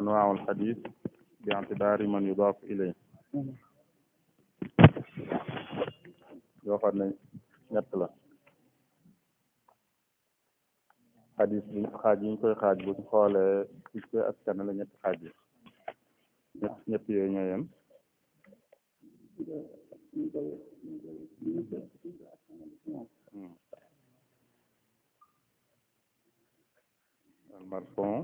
أنواع الحديث باعتبار من يضاف إليه yoo xam ne ñett la xadis bi xaaj yi ñu koy xaaj bu ñu xoolee ci koy askan la ñetti xaaj yi ñett ñett yooyu ñoo yem المرفوع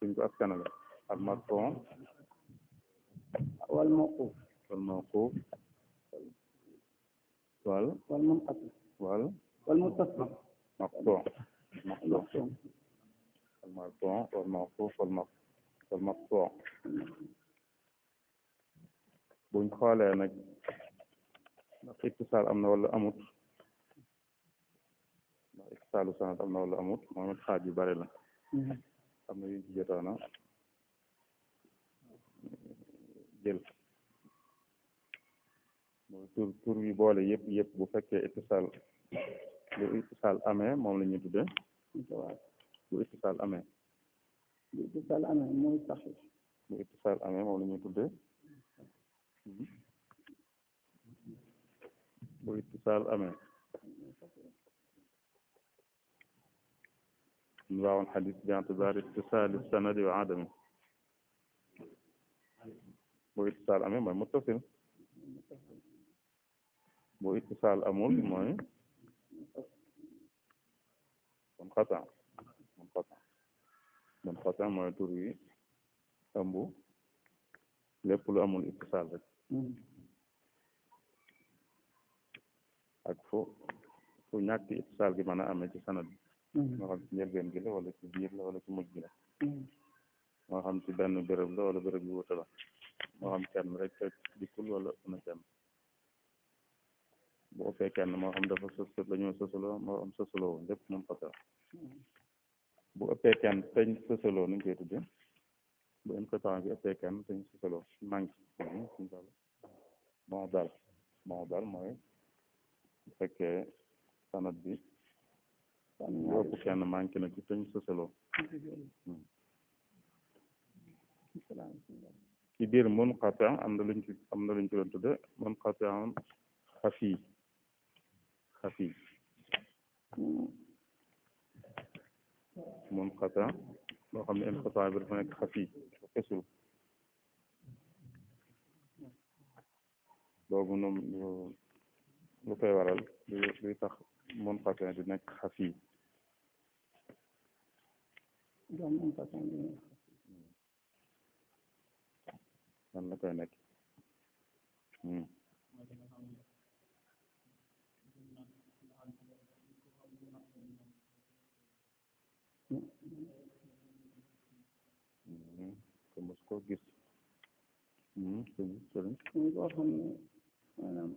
تنجو أسكن المرفوع والموقوف والموقوف وال والمنقطع وال والمتصل مقطوع مقطوع المرفوع والموقوف والمقطوع buñ xoolee nag ndax اتصال امنا ولا اموت اتصال سنه ittisaalu ولا am na wala amut moom xam na yuñ ci jël tur tur yu boole yëpp yëpp bu fekkee ittisaal bu ittisaal amee moom la ñu bu ittisaal amee amee moom la ñu tuddee bu ittisaal amee انباع الحديث باعتبار اتصال السند وعدمه واتصال امر ما متصل واتصال امر ما منقطع منقطع منقطع ما تروي امبو lépp lu amul itisal rek ak fu fu ñàkk itisal gi mën a amee ci moo hmm. xam ci njëlbeen gi la wala ci biir la wala ci mujj la hmm. moo xam ci benn béréb la wala béréb yu wuute moo xam kenn rek rek dikkul wala na kenn bu ëppee kenn moom fata hmm. bu ëppee kenn teñ sosaloo nuñ koy tudde bu inqataa bi ëppee kenn teñ sosaloo manque suñ sal bon daal mooy fekkee sanad bi ñaari bu kenn manqué na ci tëñ sësaloo ci biir munqati am na luñ ci am na luñ ci doon tudde munqati xafi xafi munqati moo xam ne inqita bi dafa nekk xafi xesul noonu lu koy waral luy tax munqati di nekk xafi doom façon bi ñu lan la koy nekk gis muy koo xam ne maanaam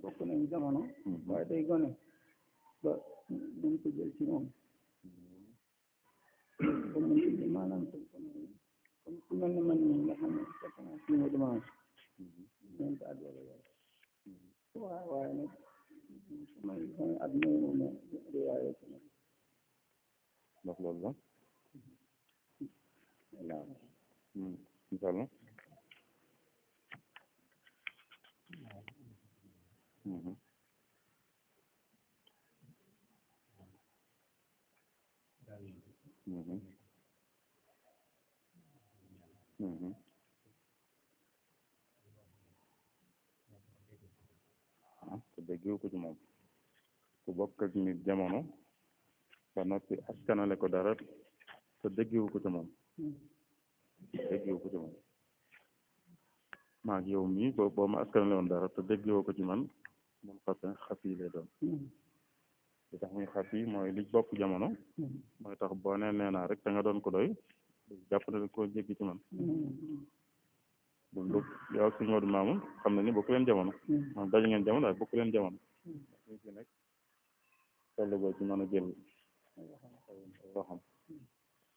bokk nañ jamono waaye day gone ba dañ ko jël ci moom comme nit ñi maanaam comme ku mel ne man mii nga xam ne fekk naa si ñëw dimanche ñoom ko àddoo la yor waaw waaye nag sama sama at ñëw moom ne riwaayoo ci nag ndax loolu la waaw incha allah Mm-hmm. Mm-hmm. Mm-hmm. ah ku déggewu ko ci moom ku bokk ak nit jamono ba noppi askanale ko dara te déggewu ko ci moom déggewu ko ci yow mi boo boo ma askanale woon dara te déggewu ko ci man mun xasan xas yi lay doon mm-hmm. li tax muy xat mooy li bopp jamono mm-hmm. mooy tax boo nee nee naa rek da nga doon ko doy jàpp na koo jéggi ci man mm-hmm. lu yow ak suñu xam na ni bokk leen jamono moom mm-hmm. daje ngeen bokk leen jamono léegi nag toll mën a jël waxam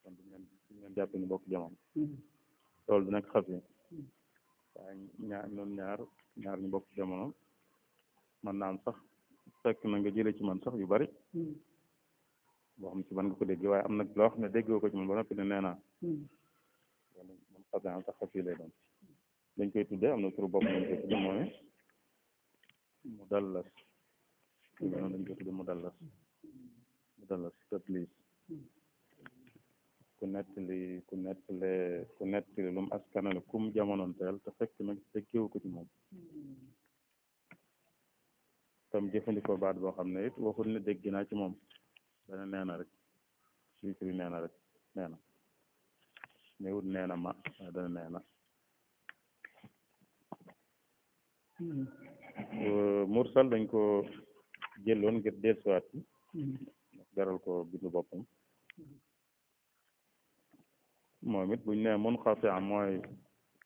kon jàpp ni bokk jamono loolu dina xas yi waaye ñaar ñoom bokk jamono mën naa am sax fekk na nga jëlee ci man sax yu bari hmm. boo xam si man nga ko dégg waaye am nag loo xam ne déggoo ko ci man ba noppi ne nee naa hmm. wala man dañ koy tuddee am na turu bopp lañ koy tudde mooy mu dallas hmm. noonu dañ koy tudde mu dallas mu dallas tatlis ku nettali ku nettale ku nettali lu kum jamononteel te fekk nag déggewu ko ci moom tam jëfandikoo baat boo xam ne it waxul ne dégg naa ci moom dana nee na rek sikri nee na rek nee na newut nee na ma waaye dana nee hmm. mursal dañ ko jëloon ngir dellusiwaat garal hmm. ko bindu boppam hmm. moom it buñ nee mun xatia mooy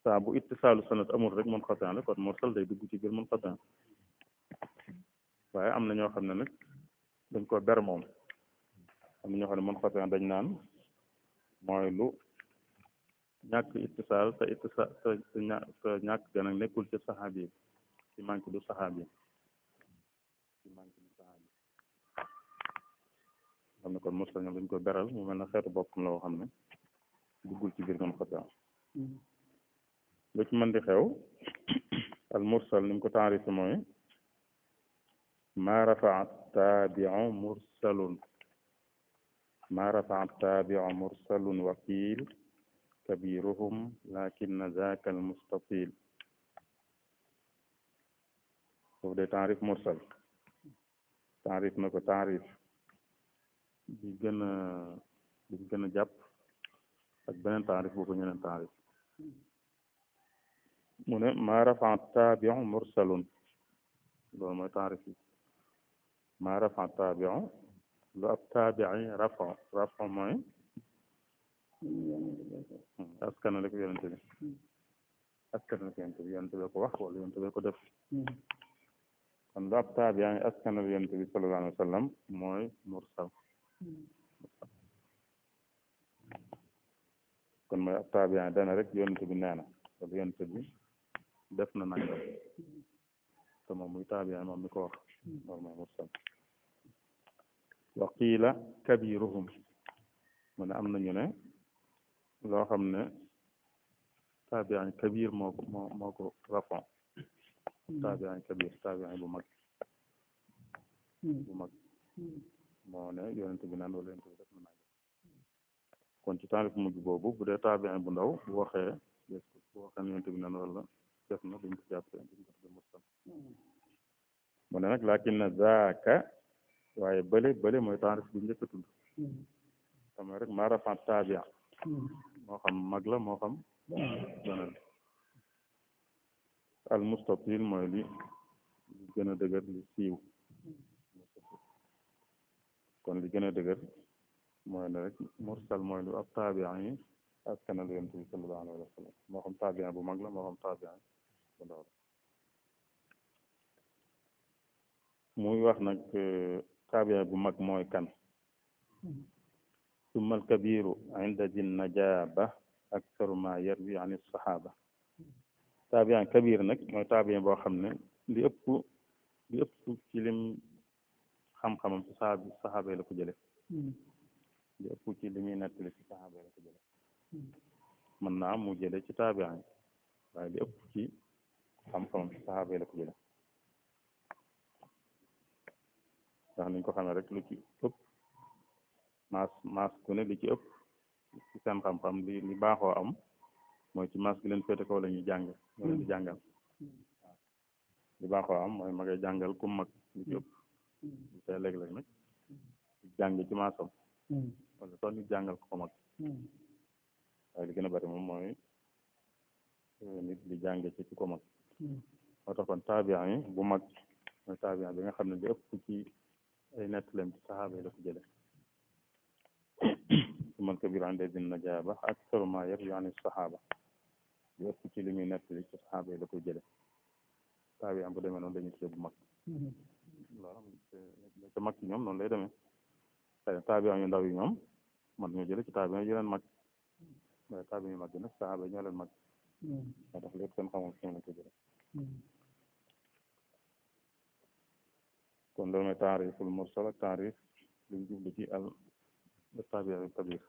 saa bu ittisaalu sanat amul rek mun xatia la kon mursal day dugg ci biir mun xatia waaye am na ñoo xam ne nag dañ ko ber moom am na ñoo xam ne man xotaan dañ naan mooy lu ñàkk ittisaal te ittisaal te te ñàkk ga nag nekkul ci saxaabi yi ci manque du saxaabi ci manque ne kon mursal ñoom dañ ko beral mu mel ne xeetu boppam la woo xam ne duggul ci biir man xotaan mm-hmm. lu ci mën di xew al mursal ni mu ko taarifi mooy ما رفع التابع مرسل ما رفع التابع مرسل وكيل كبيرهم لكن ذاك المستطيل شوف دي تعريف مرسل تعريف نكو تعريف دي جنة دي جاب أكبر تعريف بوكو جنة تعريف من ما رفع التابع مرسل دول ما تعريفي maa rafa taabiu lu ab taabii rafa rafa mooy askanale ko yonente bi askanale ko yonente bi yonente bi ko wax wala yonente bi ko def kon lu ab taabii askanale yonente bi sallallahu alayhi wa sallam mooy mursal kon mooy ab taabii dana rek yonente bi nee na wala yonente bi def na nangam te moom muy taabii moom mi ko wax loolu mooy mursal وقيل كبيرهم من أمن ينا لا خمنا تابع كبير ما ما ما رفع تابع كبير تابع بمك بمك ما نا يوين تبينا نقول إن تبينا نقول كنت تعرف مج بابو بدأ تابع بناو بوخه يس بوخه نيوين تبينا نقول كيف نبين تجاب تبين تبين مسلم من هناك لكن ذاك waaye bële bële mooy taarif bi njëkk a tudd hmm. xam rek maarafa taabia hmm. moo xam mag la moo xam donal hmm. al mustatil mooy li gën a dëgër li siiw kon li gën a dëgër mooy ne rek mursal mooy lu ab taabia yi askanal yonent bi sallallahu alayhi wa sallam moo xam taabia bu mag la moo xam taabia muy wax nag taabiya bu mag mooy kan summa alkabiru inda di najaba aktaru ma yarwi an sahaba taabiyan kabir nag mooy taabiyan boo xam ne li ëpp li ëpp ci lim xam-xamam ci saxaab saxaaba yi la li ëpp ci li muy nettali ci saxaaba yi la ko jële mën naa ci taabiyan waaye li ëpp ci xam-xamam ci saxaaba yi la ndax niñ ko xamee rek lu ci ëpp maas maas ku ne li ci ëpp ci seen xam-xam li li baaxoo am mooy ci maas gi leen ko kaw la ñuy jàng ñu leen di hmm. jàngal hmm. baaxoo am mooy ma jàngal ku mag li ci ëpp hmm. te léeg-léeg jàngal ko mag gën a moom mooy eh, nit di jàng ci ci ko mag moo tax kon taabiyan yi bu mag mooy taabiyan bi nga xam ne li ëpp ci ay nettalam ci saxaaba yi la ko jële umal kabir ande bin najaaba aktaru ma yarju an saxaaba di ëpp ci li muy nettali ci saxaaba yi la koy jële taabi am bu demee noonu dañuy tuddee bu mag mag ci ñoom noonu lay demee xëy taabi am yu ndaw yi ñoom man ñoo jële ci taabi yu leen mag waaye taabi yu mag yi nag saxaaba yi ñoo mag hmm. moo tax lépp seen kon dama mooy taariful mursal ak taarif liñ jublu ci al tabiru kabir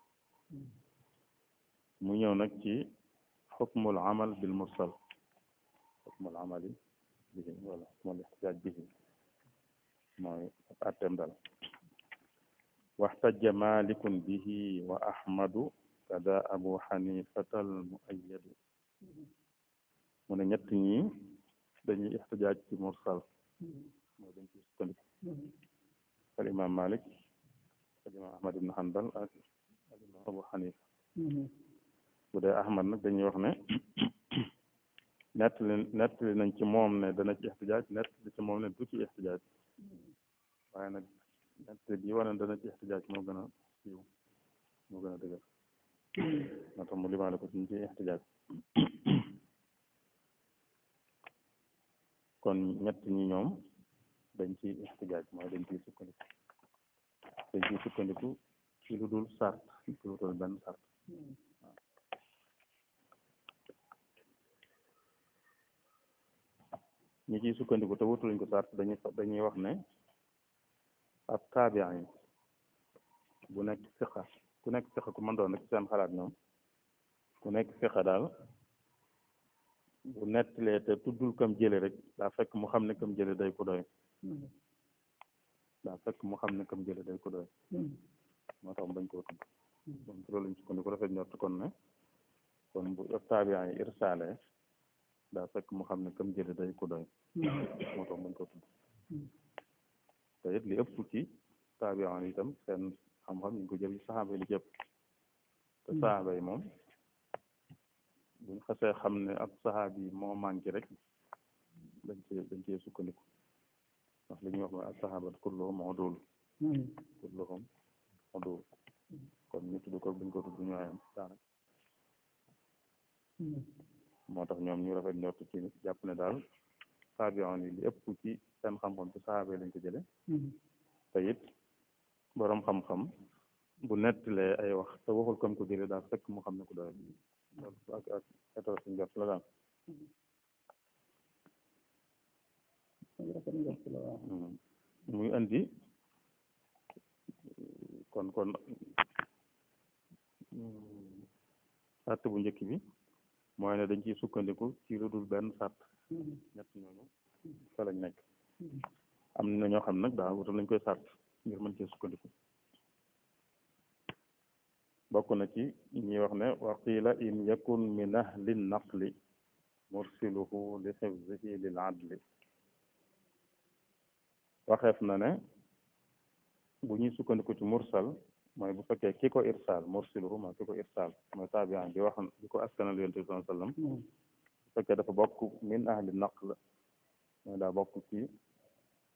mu ñëw nag ci xukmul amal bil mursal xukmul amali bihi wala xukmul ixtijaaj bihi mooy ak atteem dal واحتج مالك به وأحمد كذا أبو حنيفة المؤيد من نيت ني dañuy ihtijaaj ci mursal moo dañ ci sukkandiku al malik al ahmad ibn hanbal ak al imam abu hanifa bu dee ahmad nag dañuy wax ne nettali nettali nañ ci moom ne dana ci ixtijaaj nettali ci moom ne du ci ixtijaaj waaye nag nettali bi wane dana ci ixtijaaj moo gën a siiw moo gën a dëgër moo mu limaale ko ci ixtijaaj kon ñett ñi ñoom dañ ci ixtijaaj mooy dañ ciy sukkandiku dañ ciy sukkandiku ci lu dul sart ñi ciy sukkandiku te wutuluñ ko sart dañuy dañuy wax ne ab taabiin yi bu nekk siqa ku nekk siqa ku mën doon rek seen xalaat ñoom ku nekk siqa daal bu nettalee te tuddul kam jële rek daa fekk mu xam ne kam jële day ko doy Hmm. daa fekk mu xam ne kam jële day ko hmm. moo tax mu bañ koo tudd hmm. kon ci loolu lañ si kon di ko rafet ñott kon ne kon bu octavian yi irsaale daa fekk mu xam ne kam jële day ko doy moo tax mu bañ koo tudd te it li ëpp ci taabian yi itam seen xam-xam ñu ngi ko jël ci saxaaba yi te saxaaba yi moom buñ xasee xam ne ab saxaab yi moo manqué rek dañ cee dañ cee sukkandiku ndax li ñuy wax mooy as-sahabat kulluhum udul hmm. kulluhum udul kon ñu tudd ko buñ ko tudd ñooyam daanaka hmm. moo tax ñoom ñu rafet njort ci jàpp ne daal taabiyoon yi li ëpp ci seen xam-xam ci saxaaba yi lañ ko jële hmm. te boroom xam-xam bu le ay wax te waxul kam ko jële daal fekk mu xam ne ko doyal loolu ak ak étoo la daal Mm. muy andi kon kon mm. sart bu njëkk bi mooy ne dañ ciy sukkandiku ci lu dul benn sart mm-hmm. ñett ñooñu mm-hmm. fa lañ nekk mm-hmm. am na ñoo xam nag daa wutal lañ koy sart ngir mën cee sukkandiku bokk na ci ñuy wax ne wa qila in yakun min ahli naqli mursiluhu li xifzihi lil adli waxeef na ne bu ñuy sukkandiku ci mursal mooy bu fekkee ki ko irsaal mursiluhu ma ki ko irsaal mooy taabiyaan bi wax bi ko askanal yonent bi sallallahu alayhi wasallam hmm. bu fekkee dafa bokk mooy daa bokk ci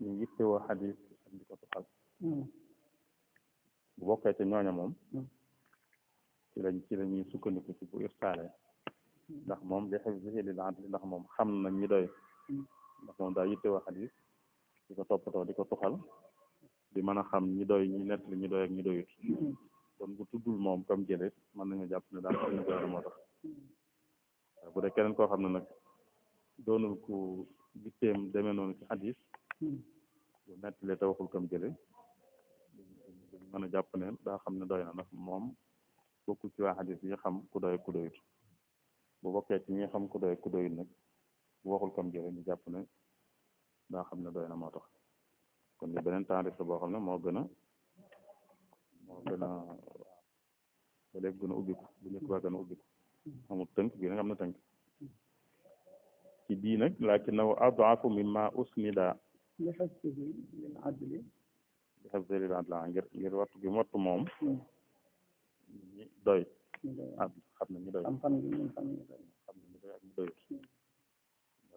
ñu yittewoo xadis ak di ko tuxal hmm. bu bokkee ca ñooña moom hmm. ci lañ ci la ñuy sukkandiku ci bu irsaale ndax moom li xifzihi lil adli ndax moom xam na ñi doy ndax moom daa yittewoo xadis di ko toppatoo di ko tuxal di mën a xam ñi doy ñi nett li ñi doy ak ñi doyut kon bu tuddul moom comme jële mën nañu jàpp ne daal am na keneen koo xam ne nag doonul ku giseem demee noonu ci xadis bu nettalee te waxul comme jële mën a jàpp ne daa xam ne doy na ndax moom bokkul ci waa xadis yi xam ku doy ku doyut bu bokkee ci ñi xam ku doy ku doyut nag bu waxul comme jële ñu jàpp ne daa xam ne doy na moo tax kon ñu beneen taarif la boo xam ne moo gën a moo gën a ba léegi gën a ubbiku bu njëkk ba gën a ubbiku amul tënk bii nag am na tënk ci bii nag laakinahu adaafu mimma usnida li xafsihi lil ngir ngir wattu gi wattu moom ñi hmm. doy xam na ñu doy xam na ñu doy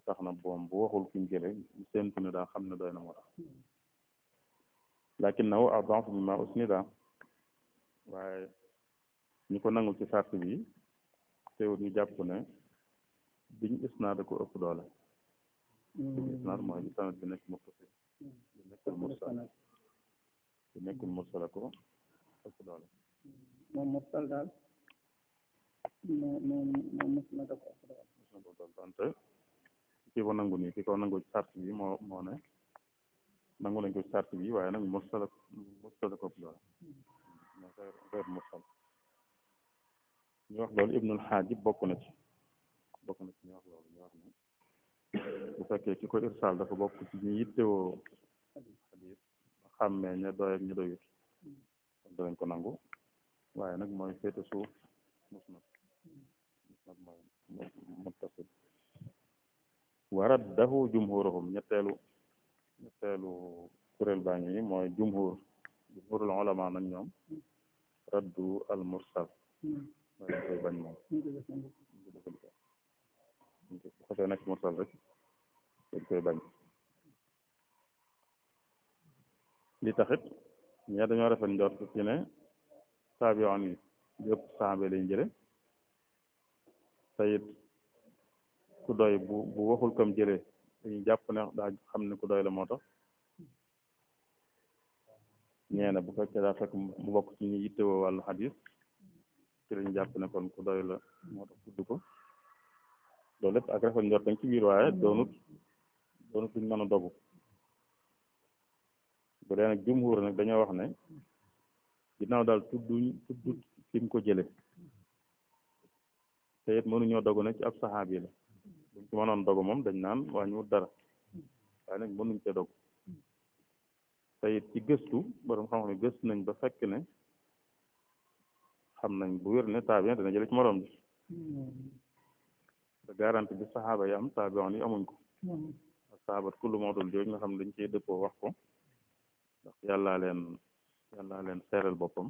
tax na boom bu waxul fi mu jëlee séntu ne daa xam ne doy na moo tax lakin naw adaafu bi ma usnida waaye ñi ko nangul ci sart bi teewul ñu jàpp ne biñ isnaad ko ëpp doole hmm. biñ isnaad mooy bi sanad bi nekk muttasil bi nekkul mursal hmm. bi nekkul mursal ko ëpp doole moom mursal daal moom moom mursal ko ëpp doole ki ko nangu nii ki ko nangu ci sart bi moo moo ne nangu lañ ko sart bi waaye nag mursal ak mursal ak la reer mursal ñu wax loolu bokk na ci bokk na ci ñu wax loolu ñu wax ne bu fekkee ki ko irsaal dafa bokk ci ñu yittewoo xadiis xàmmee ña doy ak ñu doyut kon ko nangu waaye nag mooy féete suuf musnad musnad mooy muttasil ورده جمهورهم نتالو نتالو كرل باني ما جمهور جمهور العلماء من يوم ردوا المرسل نتالو بني مو خاصة نك مرسل رك نتالو بني لي تخت ñi dañu rafet ndor ci ne sabi on yi yépp sambe lañ jëlé tayit ku doy bu bu waxul kam jële dañuy jàpp ne daa xam ne ku doy la moo tax nee na bu fekkee daa fekk mu ci ñu yittewoo wàllu xadis ci lañu jàpp ne kon ku doy la moo tax tudd ko loolu lépp ak rafet njort ci biir waaye doonut doonut mën a dogu bu dee nag dañoo wax ne ginnaaw daal tudduñ tuddut fi ko jële te it mënuñoo dogu ne ci ab saxaabi la buñ ci mënoon dogo moom dañ naan waa wàññiwut dara waaye nag mënuñ ca dogu te it ci gëstu borom xam gëstu nañ ba fekk ne xam nañ bu wér ne taabiin dana jële ci morom ji te garanti bi saxaaba yi am yi amuñ ko saxaabat kullu mawdul jooj nga xam ne dañ ciy dëppoo wax ko ndax yàllaa leen yàllaa leen seeral boppam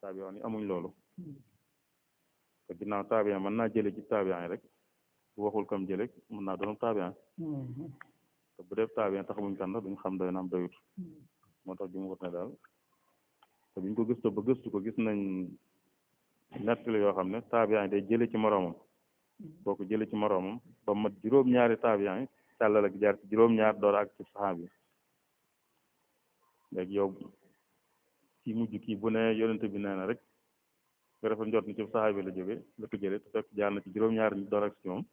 taabiin yi amuñ loolu hmm. te ginnaaw taabiin mën naa jële ci taabiin yi rek waxul kam jëlek mun naa doon taabiyan mhm. bu def taabiyan tax muñ kan la duñ xam doy na am doyut mhm. moo tax jumhur ne daal te buñ ko gëstu ba gëstu ko gis nañ nettali yoo xam ne taabiyan yi day jële ci moroomam mhm. boo ko jële ci moroomam ba mag juróom-ñaari taabiyan yi càllal ak jaar ci juróom-ñaar door ak ci saxaab yi léegi yow kii mujj kii bu bi nee na rek nga defal njot ni la jóge la ko jële te fekk jaar na ci juróom-ñaari door ak si moom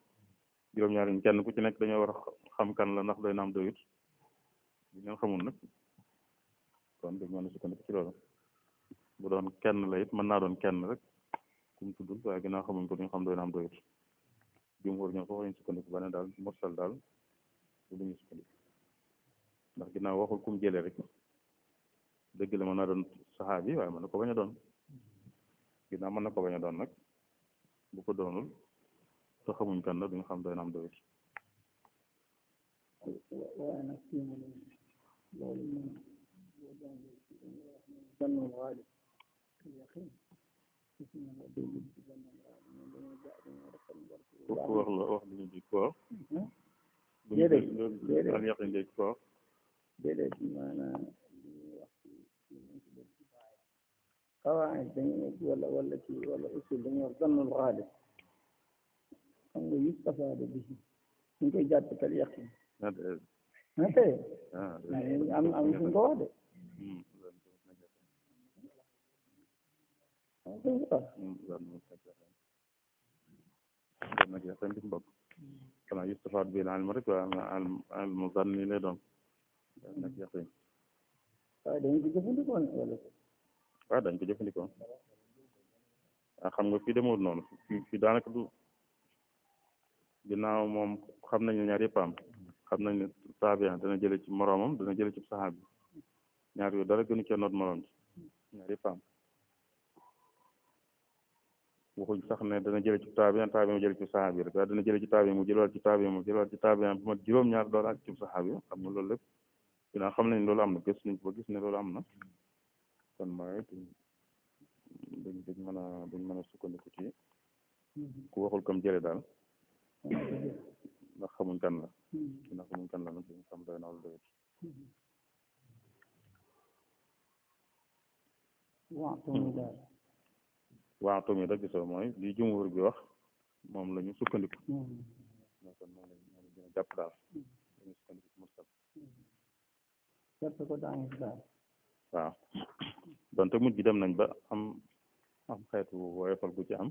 juróom-ñaar ñi kenn ku ci nekk dañoo war a xam kan la ndax doy naam doyut bu ngeen xamul nag kon dañ mën a ci loolu bu doon kenn la it mën naa doon kenn rek ku mu tuddul waaye ginnaaw xamuñ ko duñ xam doy naam doyut jumhur ñoo ko waxuñ sukkandiku ba ne daal mursal daal lu ñu sukkandiku ndax ginnaaw waxul kum jëlee rek dëgg la mën naa doon saxaabi waaye mën na ko bañ a doon ginnaaw mën na ko bañ doon nag bu ko doonul تخم إمكان لدن حمد نعم دوير وأنا فيما ظن الغالب اليقين wax la wax lu di ko déedéet déedéet an yaqin léegi ko déedéet maanaam قواعد ولا ولا ولا اصول xam nga Yustafa de bisi ñu koy jàppal yaqin na tey am am suñ ko wax de xanaa yustafaad bil ilm rek waaye al al muzanni lay doon nag yaqin waaw dañ ko jëfandikoo wala waaw dañ ko jëfandikoo xam nga fii demul noonu fii fii daanaka du ginnaaw moom xam nañu ñaar yëpp am xam nañ ne taabiyan dana jële ci moroomam dana jële ci saxaabi ñaar yooyu dara gënu cee noot moroom ci ñaar yëpp am waxuñ sax ne dana jële ci taabiyan taabiyan mu jële ci saxaabi rek waaye dana jële ci taabiyan mu jëlewaat ci taabiyan mu jëlewaat ci taabiyan bu mat juróom-ñaar door ak ci saxaabi xam nga loolu lépp ginnaaw xam nañ loolu am na gis nañ ko ba gis ne loolu am na kon mooy dañ dañ mën a dañ mën a sukkandiku ci mm-hmm. ku waxul comme jële daal ndax xamuñ kan la hmm. ndax xam doy na wala doyut hmm. waaw tamit hmm. rek gisoo mooy li jumhur bi wax moom la ñu sukkandiku moo kon moom la waaw donte mujj dem nañ ba am am xeetu woyofal gu ci am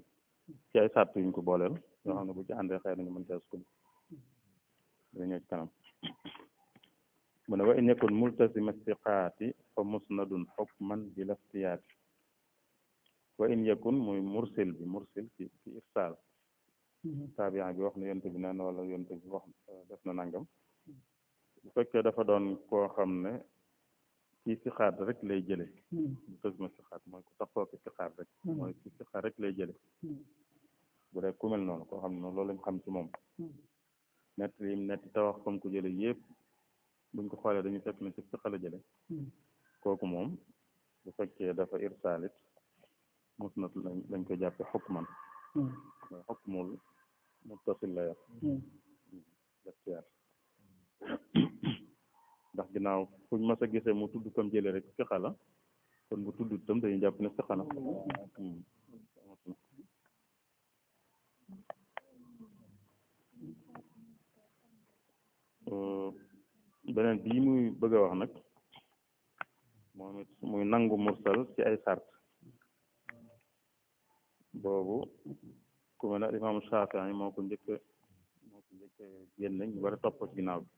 ci ay yuñ ko booleel yoo hmm. xam ne bu ci àndee xëy nañu mën caa sukkandiku hmm. dina ñëw ci kanam mu ne wa in yakun multazima istiqaati fa musnadun xukman bi laftiyaati wa in yakun muy mursil bi mursil ci ci irsaal hmm. taabia bi wax na yonte bi neen wala yonte bi wax def na nangam bu fekkee dafa doon koo xam ne ci istixaar rek lay jële xisma hmm. istixaar mooy ku saxoo istixaar rek hmm. mooy ci istixaar rek lay jële hmm. bu dee ku mel noonu koo xam ne loolu lañ xam ci moom nett yi nett te wax fam ko jële yëpp duñ ko xoolee dañu fekk ne ci istixaar la jële kooku moom bu fekkee dafa irsaalit musnad lañ ko jàppe xukman mooy xukmul muttasil la yor ndax ginnaaw fuñ mas a gisee mu tudd kam jële rek siqa kon bu tudd itam dañuy jàpp ne siqa hmm. euh, beneen bii muy bëgg a wax nag moom it muy nangu mursal ci ay sart boobu ku mel ne imaam Shaafi'i moo ko njëkk moo ko njëkk génne ñu war a ci ginnaaw bi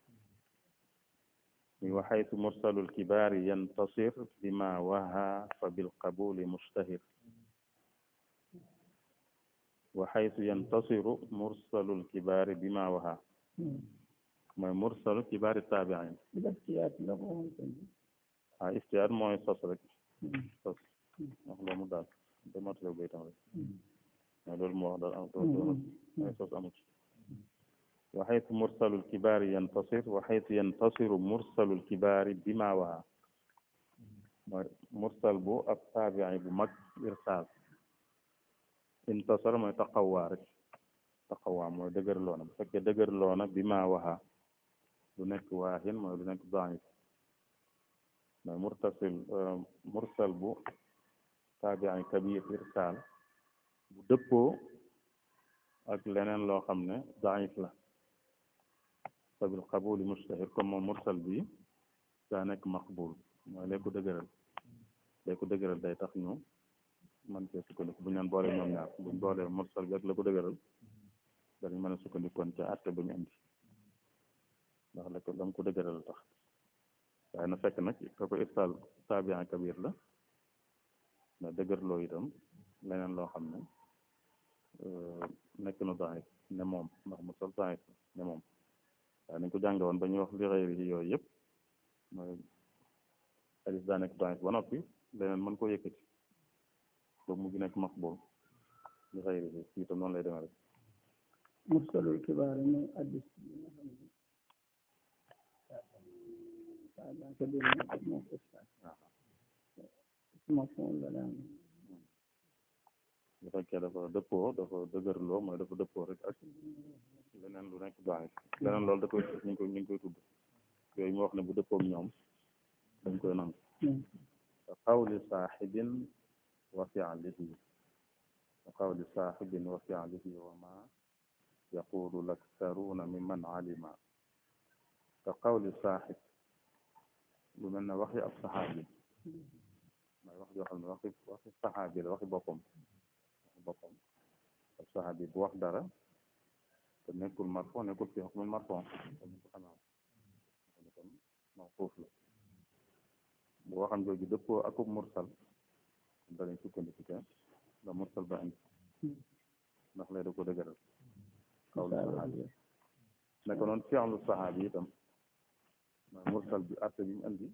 وحيث مرسل الكبار ينتصر بما وهى فبالقبول مشتهر وحيث ينتصر مرسل الكبار بما وهى مرسل الكبار التابعين الاختيار ما يصصرك نحن مدار دمت لو بيتا مدار وحيث مرسل الكبار ينتصر وحيث ينتصر مرسل الكبار بما وها مرسل بو التابع بمك إرسال انتصر ما تقوى رك تقوى ما دقر لونا بفك دقر لونا بما وها لنك واهن ما لنك ضعيف ما مرتسل مرسل بو تابع كبير إرسال دبو ak leneen loo xam daif la fabilqabuli mustahir comme moom mursal bi daa nekk maqbul mooy lay ko dëgëral lay ko dëgëral day tax ñu man cee sukkandiku bu ñu leen boolee ñoom ñaar buñ boolee mursal bi ak la ko dëgëral dañu mën a sukkandikoon ca àtte bu ñu andi ndax la ko lam ko dëgëral tax waaye na fekk nag ka ko irsaal taabian kabir la nda dëgërloo itam leneen loo xam ne nekk na daxit ne moom ndax mursal daxit ne moom waaye nañ ko jànge ba ñuy wax li réew yi yooyu yëpp mooy hadis daa nekk daif ba noppi leneen man koo yëkkati ba mu gi nekk maqbul li réew yi fii itam noonu lay demee rek mursalul kibaar mooy hadis bi nga xam ne daanaka dégg naa moom ustaas bu fekkee dafa dëppoo dafa dëgërloo mooy dafa dëppoo rek leneen lu nekk baax leneen loolu da koy ñu ngi koy ñu ngi koy tudd yooyu mu wax ne bu dëppoog ñoom dañ koy nangu ka qawli saaxibin wa fialihi ka qawli saaxibin wa fialihi wa ma yaqulu laktaruuna mimman alima ka qawli saaxib lu mel ne waxi ab saxaabi mooy wax joo xam ne waxi waxi saxaabi la waxi boppam waxi boppam ab saxaabi bu wax dara te nekkul marfo nekkul fi xukmul marfo kon ñu ko xamaa kon mawquuf la bu waxam jooju dëppoo akub mursal da sukkandiku ca nga mursal ba indi ndax lay da ko dëgëral kaw lu saxaabi naka noonu fi'lu saxaabi itam mursal bi àtte bi mu indi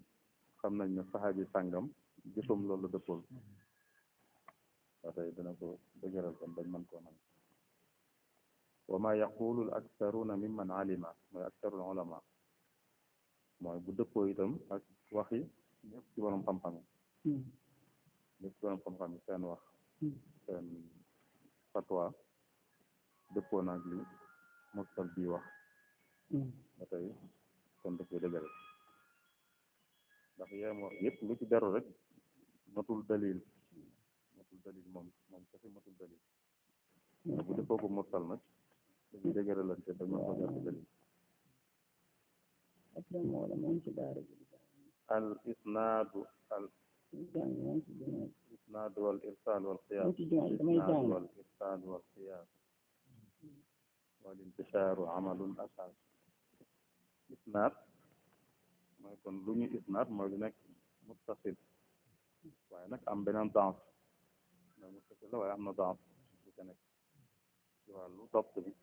xam nañ ne saxaabi sàngam jëfam loolu la dëppool ba tey dana ko dëgëral kon dañ mën koo nangu وما يقول الأكثرون ممن علم ما أكثر العلماء ما يقول دكو إذن وخي نفسي ورم قمقامي نفسي ورم قمقامي سان وخ سان فتوى دكو ناجلي مكتب بي وخ متأي سان دكو دجال دخي يامو يب لكي دارو رك نطول دليل نطول دليل مم مم كثير نطول دليل بودي فوق مرسل نجل ધીરે કરે લક્ષ્ય તમે પગાર બદલી أكرم ولا منش دارج الإسناد الإسناد والإرسال والقياس الإسناد والإرسال والقياس والانتشار عمل أساس إسناد ما يكون لوني إسناد ما يكون متصل وينك أم بنان ضعف متصل ويعمل ضعف وينك يوالو ضبط بيه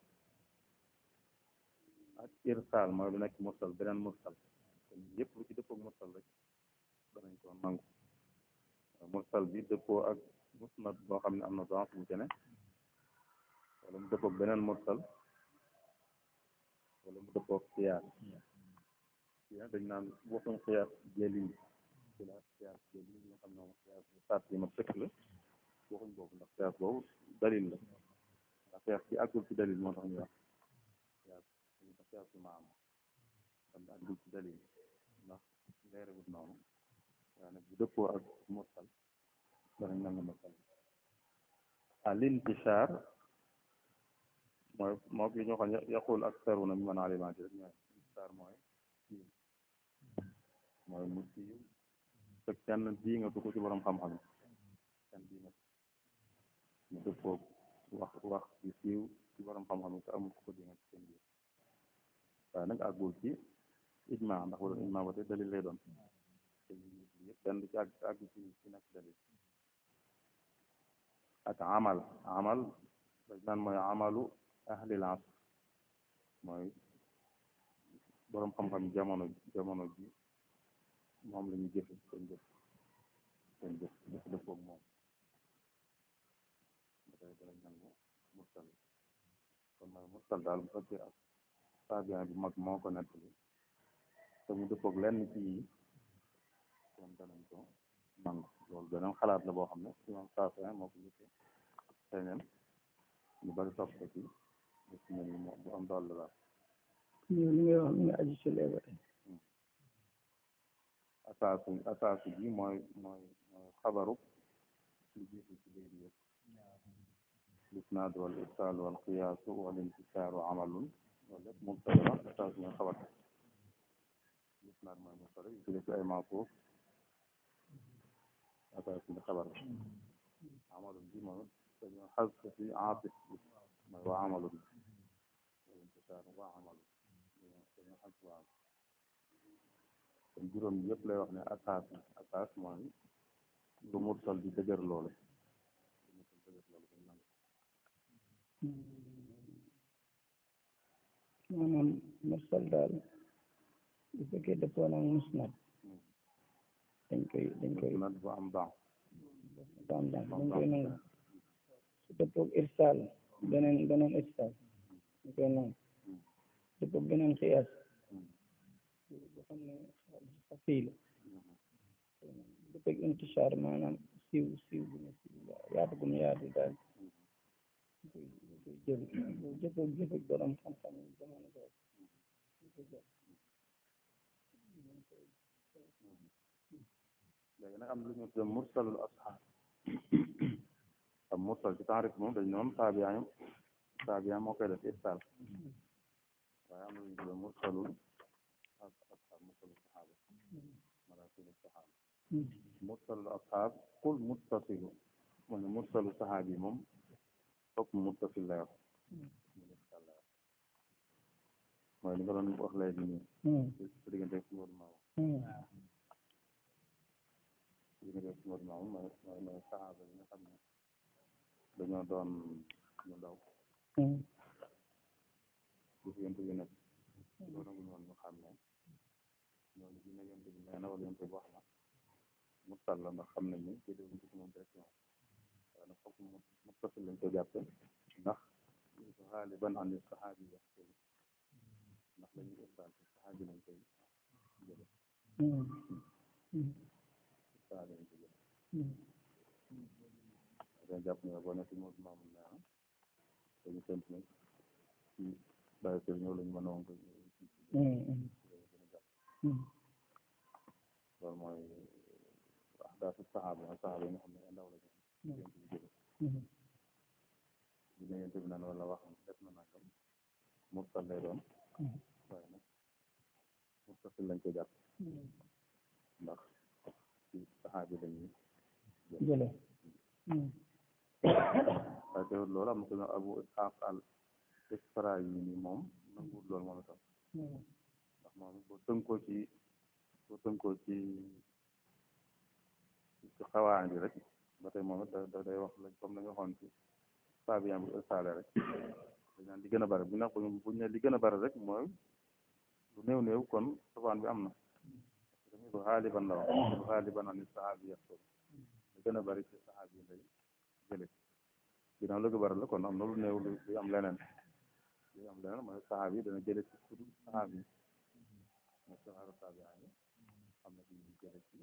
ak irsaal mooy lu nekk beneen mursal kon yëpp lu ci dëppoo ak mursal rek danañ ko nangu mursal bi dëppoo ak musnad boo xam ne am na dance bu jene wala mu dëppoo ak beneen mursal wala mu dëppoo ak xiyaar dañ naan waxuñ xiyaar jëli ci la xiyaar jëli nga xam ne xiyaar bu saat yi ma sëkk la waxuñ boobu ndax xiyaar boobu dalil la ndax xiyaar ci àggul ci dalil moo tax ñu wax caasu maam kon daal du ci dalil ndax leeragut noonu waaye nag bu dëppoo ak mursal danañ nangu mursal al ah, intishaar mooy moo yi ñoo xam yaqul aktharuna mi man alimaati rek ñooy intishaar mooy mooy mu siiw te kenn diingatu ko ci borom xam-xam mu dëppoo wax wax bi siiw ci borom xam-xam te ko ko diingat ci seen waaye nag àggul ci ijma ndax wala ijma ba tey dalil doon yëpp benn ci àgg àgg ci ci nekk dalil ak amal amal dañ naan mooy amalu ahlil asr mooy boroom xam-xam jamono jamono ji moom lañuy jëfe seen jëf seen jëf jëf dëppoog moom ba tey danañ nangu mursal kon mooy mursal daal Fabien bu mag moo ko nettali te mu dëppoog lenn ci yi kon danañ ko nangu loolu beneen xalaat la boo xam ne imam Safin moo ko njëkke seneen ñu bari topp ko ci gis mel ni moom bu am doll la ñëw li ngay wax mi nga aju ci léegi rek asaasu asaasu bi mooy mooy mooy xabaru li jiitu ci léegi yëpp lisnaad wal irsaal wal qiyaasu wal intisaaru amalun ولات منتظرة لتعرف من الخبر نسمع مع المنصري يجلس أي معطوف أتعرف من الخبر عمل الجيم حذف في عاطف ما هو عمل الانتشار هو عمل حذف عاطف juróom yëpp lay wax ne asaas na asaas mooy lu mursal di dëgër loolu మనం మసాల దాల్ ipakita po ng musnat. Thank you. Thank you. Musnat Bambang. Bambang. Thank you ng ito po irsal. Ganun, ganun irsal. Thank you ng ito po ganun kiyas. Kapil. Ito po intishar manam siw siw. Yari kumiyari dahil. Thank you. جفت جفت درهم خمسة من زمان لكن أمر مرسل الأصحاب طب تعرف مو لأنهم تابعين تابعين موقع في السال وأمر مرسل الأصحاب مرسل الصحابة مراسل الصحابة مرسل الأصحاب كل متصل من مرسل صحابي مم xukm muttasil mooy li doon wax léegi nii. su diggante ak Mawal Mawu. su mooy mooy mooy saxaaba yi nga xam ne dañoo doon ñu ndaw. su hmm. diggante bi nag loolu la ñu xam ne ñooñu su diggante bi nee na wax na mu tàll ndax xam nañu ne ci moom direction الحكم متصل لإجابته نخ نعم. غالبا عن الصحابي يحصل نخلي إرسال الصحابي من كي رجبنا ربنا في مجمع منا فجسمنا بعد تجنو لن منون فرمي أحداث الصحابة الصحابة محمد أنه لجمع bu ñu yonent bi naan wala waxam na nangam mursal doon waaye nag lañ koy jàpp ndax ci saxaabi lañuy jële waaye teewul loolu am na ko ñoom abu isxaaq al isfara yi ni moom nanguwul loolu moom itam ndax moom boo tënkoo ci boo tënkoo ci ci xawaan bi rek ba tey moom it day wax la kom la nga waxoon ci faabiyan bu ëstaale rek dañ naan li gën a bari bu nekk buñ li gën a bari rek mooy lu néew néew kon sofaan bi am na dañu ko xaaliban la wax ko xaaliban ani sahaabi yaxtul li gën a bari ci sahaabi yi lay jële ginnaaw lu bari la kon am na lu néew lu am leneen lu am leneen mooy sahaabi yi dana jële ci tudd sahaabi yi mooy sahaaru sahaabi yi am na ci jële ci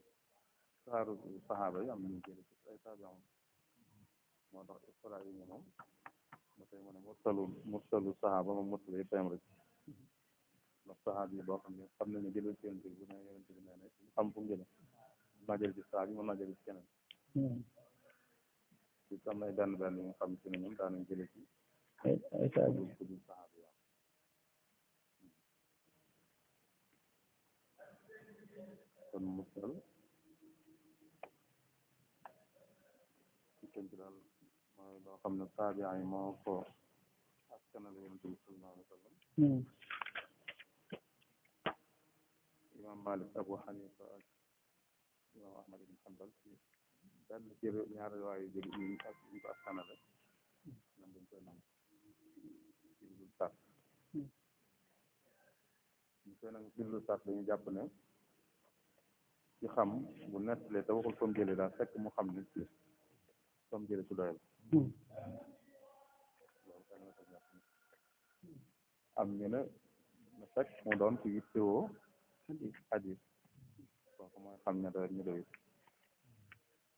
saaru saxaaba yi am nañu jële ci ay taabi'un moo tax isra yi ñu moom ba tey mu ne mursalu mursalu saxaaba moom mursal yëpp am rek ndax saxaaba yi boo xam ne xam nañu jële ci yonent bi bu ne yonent bi nee na xam fu mu jële mën naa jële ci saxaaba yi mën naa jële ci keneen hmm. ci am na benn benn yu xam ci ne ñoom daanañ jële ci ay taabi ku dul saxaaba yi hmm. kon mursal xam ne taabi'ay moo ko askanale yonent bi sallallahu alayhi wa sallam hmm. imam Malik Abu Hanifa ak imam Ahmad ibn Hanbal ci benn ci ñaar waaye jël yi ak ñu ko askanale ñoom dañ koy nangu ci lu sat ñu koy jàpp ne ci xam bu nettalee te waxul fa mu jëlee daal fekk mu xam ne fam jële ci doyal am ñu ne na fekk mu doon ci yittewoo xadis kooku mooy xam ne daal ñu doy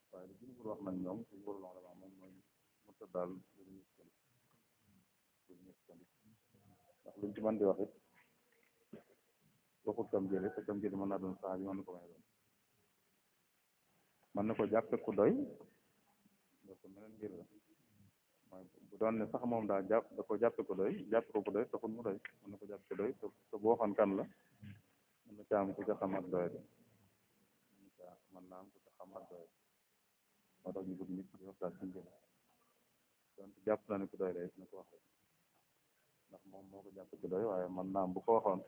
waaye li jumhur wax nag ñoom ci jumhur la wax moom mooy mu tëddaal duñu sëli duñu sëli ndax luñ ci mën di wax it waxul kam jële te kam jële mën naa doon saxaabi mën na ko may doon mën na ko jàppe ku doy loolu meneen mbir la mooy bu doon ne sax moom daa jàpp da ko jàppe ko doy jàppe ko ko doy taxul mu doy mën na ko jàppe ko doy te boo xam kan la mën na caam ku ca xam ak doy de mën naa am ku ca xam ak doy moo tax ñu bëgg nit ñi waxtaan ci mbir donc jàpp na ne ku doy day na ko wax ndax moom moo ko jàpp ku doy waaye mën naa am bu ko waxoon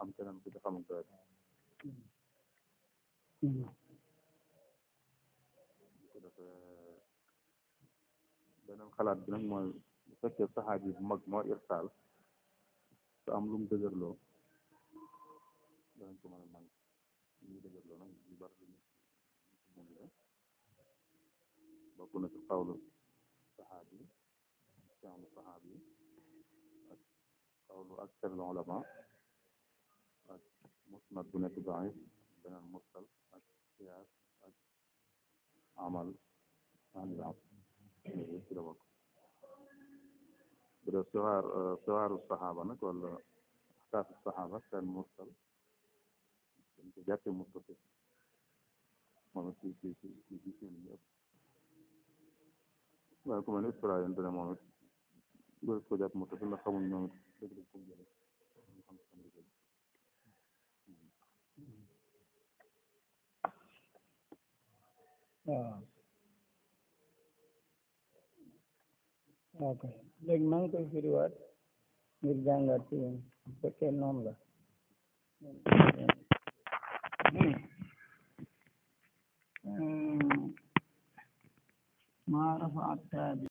am keneen ku ca xam ak doy de beneen xalaat bi nag mooy bu fekkee saxaab yi bu mag moo irtaal te am lu mu dëgërloo danañ ko mën a man ñu dëgërloo nag ñu bari lu ñu mën bokk na ci xawlu saxaab yi fi'lu saxaab yi ak xawlu ak seen ulama ak musnad bu nekk daif beneen mursal ak xiyaas ak amal anil am كده برضه بدأ صغار صغار الصحابة نك ولا أحداث الصحابة كان مرسل جات متصل ما في في في في في في ما كمان يسرع عندنا ما بس كده متصل لخمون نوم آه. Okay like మనకు ఫిర్వార్ మీరు ధ్యాన్ करती हैं तो क्या नाम ला ما رفع التابع